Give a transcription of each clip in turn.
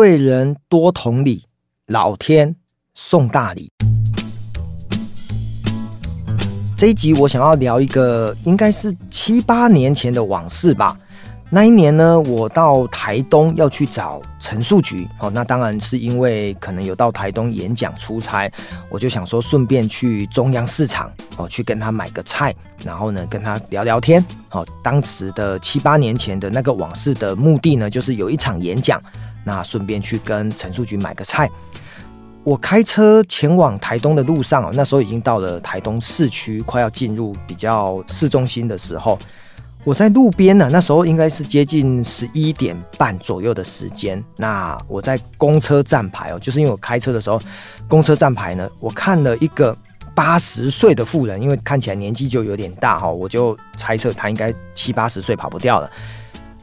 對人多同理，老天送大禮。這一集我想要聊一個，應該是七八年前的往事吧。那一年呢，我到台東要去找陳樹菊，哦，那當然是因為可能有到台東演講出差，我就想說順便去中央市場哦，去跟他買個菜，然後呢跟他聊聊天。哦，當時的七八年前的那個往事的目的呢，就是有一場演講。那順便去跟陳樹菊買個菜。我開車前往台東的路上，那時候已經到了台東市區，快要進入比較市中心的時候，我在路邊呢。那時候應該是接近十一點半左右的時間。那我在公車站牌哦，就是因為我開車的時候，公車站牌呢，我看了一個八十歲的婦人，因為看起來年紀就有點大哈，我就猜測她應該七八十歲跑不掉了。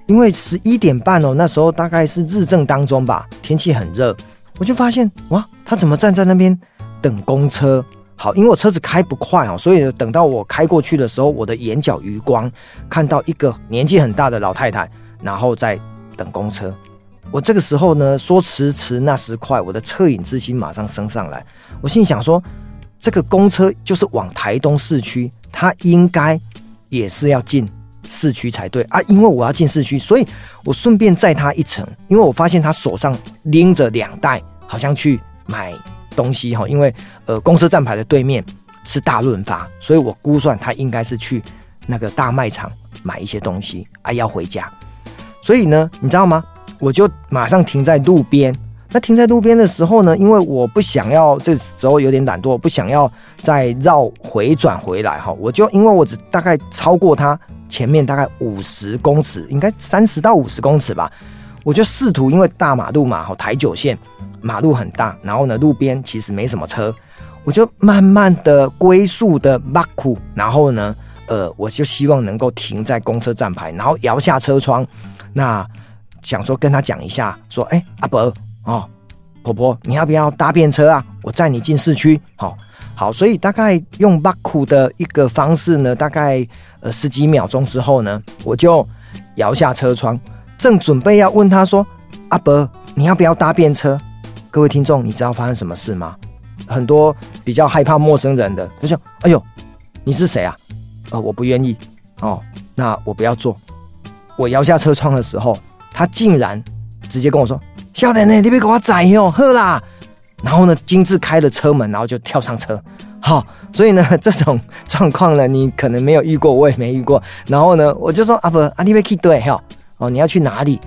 因為十一點半哦，那時候大概是日正當中吧，天氣很熱，我就發現哇，他怎麼站在那邊等公車？好，因為我車子開不快哦，所以等到我開過去的時候，我的眼角餘光看到一個年紀很大的老太太，然後在等公車。我這個時候呢，說時遲那時快，我的惻隱之心馬上升上來，我心裡想說，這個公車就是往台東市區，它應該也是要進。市區才對啊，因為我要進市區，所以我順便載他一程。因為我發現他手上拎着兩袋，好像去買東西哈。因為呃，公車站牌，的對面是大潤發，所以我估算他應該是去那個大賣場買一些東西，啊要回家。所以呢，你知道嗎？我就馬上停在路邊。那停在路邊的時候呢，因為我不想要這個、時候有點懶惰，不想要再繞回轉回來哈，我就因為我只大概超過他前面大概五十公尺，應該三十到五十公尺吧。我就試圖，因為大馬路嘛，哦，台九線，馬路很大，然後呢，路邊其實沒什麼車，我就慢慢的龜速的慢酷，然後呢，呃，我就希望能夠停在公車站牌，然後搖下車窗，那想說跟他講一下，說，哎、欸，阿伯，哦，婆婆，你要不要搭便車啊？我載你進市區，好、哦。好，所以大概用挖苦的一個方式呢，大概呃十幾秒鐘之後呢，我就搖下車窗，正準備要問他說：“阿伯，你要不要搭便車？”各位聽眾，你知道發生什麼事嗎？很多比較害怕陌生人的，他就說：“哎呦，你是誰啊？”呃，我不願意哦，那我不要坐。我搖下車窗的時候，他竟然直接跟我說：“小奶奶，你別給我宰喲，喝啦。”然後呢，逕自開了車門，然後就跳上車。好，哦，所以呢，這種狀況呢，你可能沒有遇過，我也沒遇過。然後呢，我就說：“阿婆，阿弟被 k e 對，哈哦，你要去哪裡？”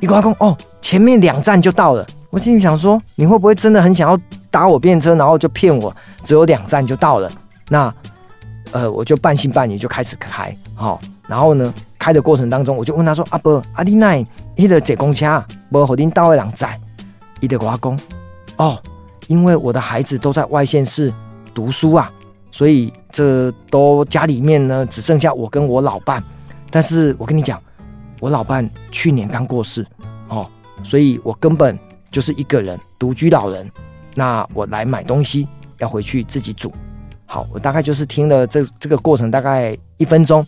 伊跟阿公哦，前面兩站就到了。”我心裡想說：“你會不會真的很想要搭我便車，然後就騙我只有兩站就到了？”那，呃，我就半信半疑就開始開。好，哦，然後呢，開的過程當中，我就問他說：“阿婆，阿迪奈，伊、那、的、個、坐公車，無好丁到位人站。說」伊的跟阿公。哦，因為我的孩子都在外縣市讀書啊，所以這都家裡面呢只剩下我跟我老伴。但是我跟你講，我老伴去年剛過世哦，所以我根本就是一個人獨居老人。那我來買東西要回去自己煮。好，我大概就是聽了這這個過程大概一分鐘，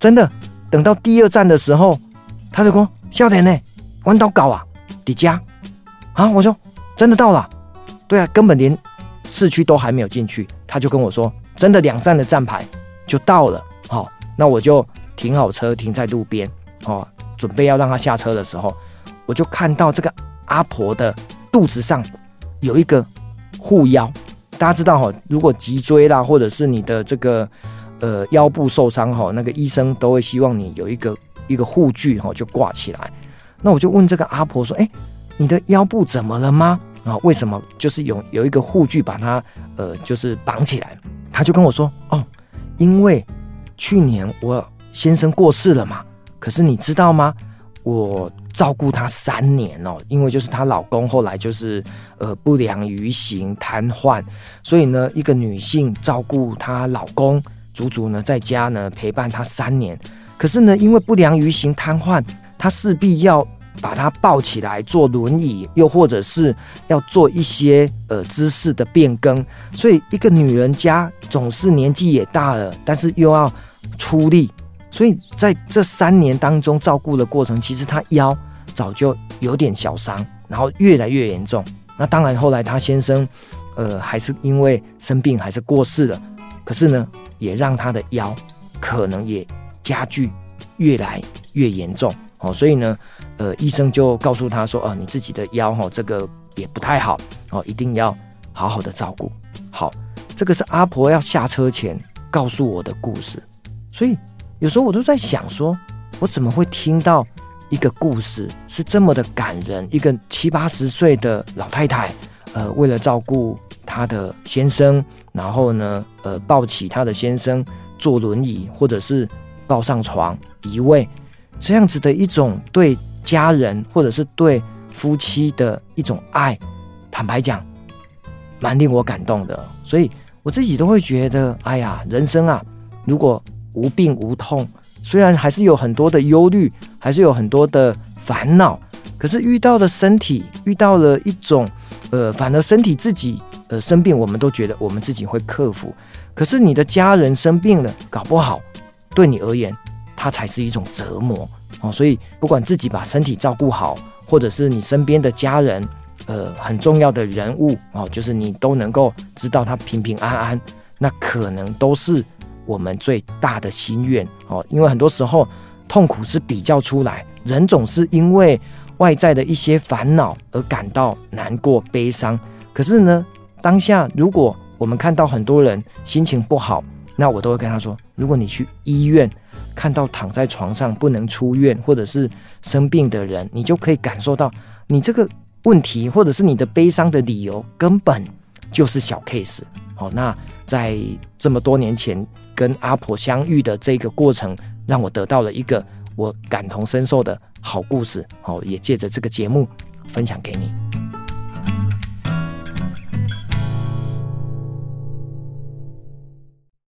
真的等到第二站的時候，他就說笑點呢，彎刀搞啊，底加，啊，我說。真的到了，對啊，根本連市區都還沒有進去，他就跟我說，真的兩站的站牌就到了。好、哦，那我就停好車，停在路邊，哦，準備要讓他下車的時候，我就看到這個阿婆的肚子上有一個護腰。大家知道哈、哦，如果脊椎啦，或者是你的這個呃腰部受傷哈、哦，那個醫生都會希望你有一個一個護具哈、哦，就掛起來。那我就問這個阿婆說，哎、欸。你的腰部怎麼了嗎？啊、哦，為什麼就是有有一個護具把它呃就是綁起來？他就跟我說哦，因為去年我先生過世了嘛。可是你知道嗎？我照顧他三年哦，因為就是她老公後來就是呃不良於行癱瘓，所以呢，一個女性照顧她老公，足足呢在家呢陪伴他三年。可是呢，因為不良於行癱瘓，她勢必要。把她抱起來坐輪椅，又或者是要做一些呃姿勢的變更，所以一個女人家總是年紀也大了，但是又要出力，所以在這三年當中照顧的過程，其實她腰早就有點小傷，然後越來越嚴重。那當然，後來她先生呃還是因為生病還是過世了，可是呢也讓她的腰可能也加劇越來越嚴重哦，所以呢。呃，醫生就告訴他說：“哦、呃，你自己的腰哈、哦，這個也不太好哦，一定要好好的照顧。”好，這個是阿婆要下車前告訴我的故事。所以有時候我都在想說，說我怎麼會聽到一個故事是這麼的感人？一個七八十歲的老太太，呃，為了照顧她的先生，然後呢，呃，抱起她的先生坐輪椅，或者是抱上床移位，這樣子的一種對。家人或者是對夫妻的一種愛，坦白講，蠻令我感動的。所以我自己都會覺得，哎呀，人生啊，如果無病無痛，雖然還是有很多的憂慮，還是有很多的煩惱，可是遇到了身體，遇到了一種，呃，反而身體自己，呃，生病，我們都覺得我們自己會克服。可是你的家人生病了，搞不好，對你而言，它才是一種折磨。哦，所以不管自己把身體照顧好，或者是你身邊的家人，呃，很重要的人物哦，就是你都能夠知道他平平安安，那可能都是我們最大的心願哦。因為很多時候痛苦是比較出來，人總是因為外在的一些煩惱而感到難過、悲傷。可是呢，當下如果我們看到很多人心情不好，那我都會跟他說，如果你去醫院看到躺在床上不能出院或者是生病的人，你就可以感受到你這個問題或者是你的悲傷的理由根本就是小 case。好，那在這麼多年前跟阿婆相遇的這個過程，讓我得到了一個我感同身受的好故事。好，也借着這個節目分享給你。